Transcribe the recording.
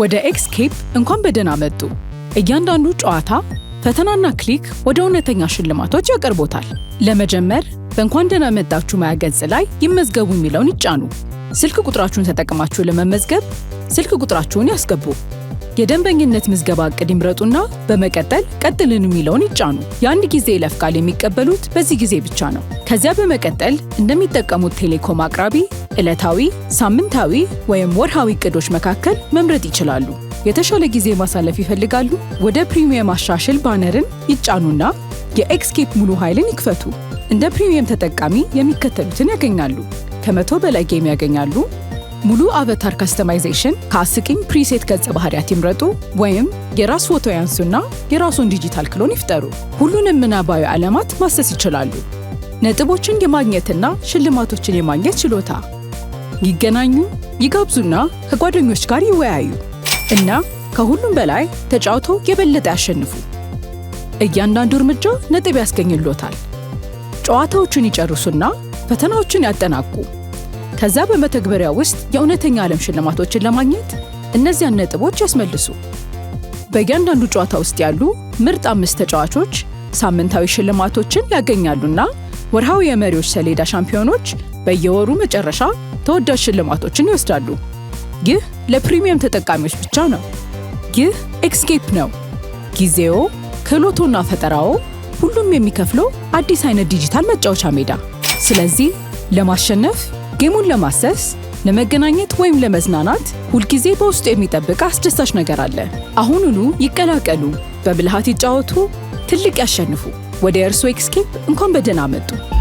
ወደ ኤክስኬፕ እንኳን በደህና መጡ። እያንዳንዱ ጨዋታ ፈተናና ክሊክ ወደ እውነተኛ ሽልማቶች ያቀርቦታል። ለመጀመር በእንኳን ደህና መጣችሁ ማያ ገጽ ላይ ይመዝገቡ የሚለውን ይጫኑ። ስልክ ቁጥራችሁን ተጠቅማችሁ ለመመዝገብ ስልክ ቁጥራችሁን ያስገቡ። የደንበኝነት ምዝገባ እቅድ ይምረጡና በመቀጠል ቀጥልን የሚለውን ይጫኑ። የአንድ ጊዜ ይለፍ ቃል የሚቀበሉት በዚህ ጊዜ ብቻ ነው። ከዚያ በመቀጠል እንደሚጠቀሙት ቴሌኮም አቅራቢ ዕለታዊ፣ ሳምንታዊ ወይም ወርሃዊ እቅዶች መካከል መምረጥ ይችላሉ። የተሻለ ጊዜ ማሳለፍ ይፈልጋሉ? ወደ ፕሪሚየም አሻሽል ባነርን ይጫኑና የኤክስኬፕ ሙሉ ኃይልን ይክፈቱ። እንደ ፕሪሚየም ተጠቃሚ የሚከተሉትን ያገኛሉ። ከመቶ በላይ ጌም ያገኛሉ። ሙሉ አቫታር ካስተማይዜሽን ከአስቂኝ ፕሪሴት ገጸ ባህሪያት ይምረጡ ወይም የራስ ፎቶ ያንሱና የራሱን ዲጂታል ክሎን ይፍጠሩ። ሁሉንም ምናባዊ ዓለማት ማሰስ ይችላሉ። ነጥቦችን የማግኘትና ሽልማቶችን የማግኘት ችሎታ ይገናኙ፣ ይጋብዙና ከጓደኞች ጋር ይወያዩ እና ከሁሉም በላይ ተጫውተው የበለጠ ያሸንፉ። እያንዳንዱ እርምጃ ነጥብ ያስገኝሎታል። ጨዋታዎቹን ይጨርሱና ፈተናዎችን ያጠናቁ። ከዛ በመተግበሪያ ውስጥ የእውነተኛ ዓለም ሽልማቶችን ለማግኘት እነዚያን ነጥቦች ያስመልሱ። በእያንዳንዱ ጨዋታ ውስጥ ያሉ ምርጥ አምስት ተጫዋቾች ሳምንታዊ ሽልማቶችን ያገኛሉና ወርሃዊ የመሪዎች ሰሌዳ ሻምፒዮኖች በየወሩ መጨረሻ ተወዳጅ ሽልማቶችን ይወስዳሉ። ይህ ለፕሪሚየም ተጠቃሚዎች ብቻ ነው። ይህ ኤክስኬፕ ነው። ጊዜዎ፣ ክህሎቶና ፈጠራዎ ሁሉም የሚከፍለው አዲስ አይነት ዲጂታል መጫወቻ ሜዳ። ስለዚህ ለማሸነፍ፣ ጌሙን ለማሰስ፣ ለመገናኘት ወይም ለመዝናናት ሁልጊዜ በውስጡ የሚጠብቅ አስደሳች ነገር አለ። አሁኑኑ ይቀላቀሉ፣ በብልሃት ይጫወቱ፣ ትልቅ ያሸንፉ! ወደ እርስዎ ኤክስኬፕ እንኳን በደህና መጡ።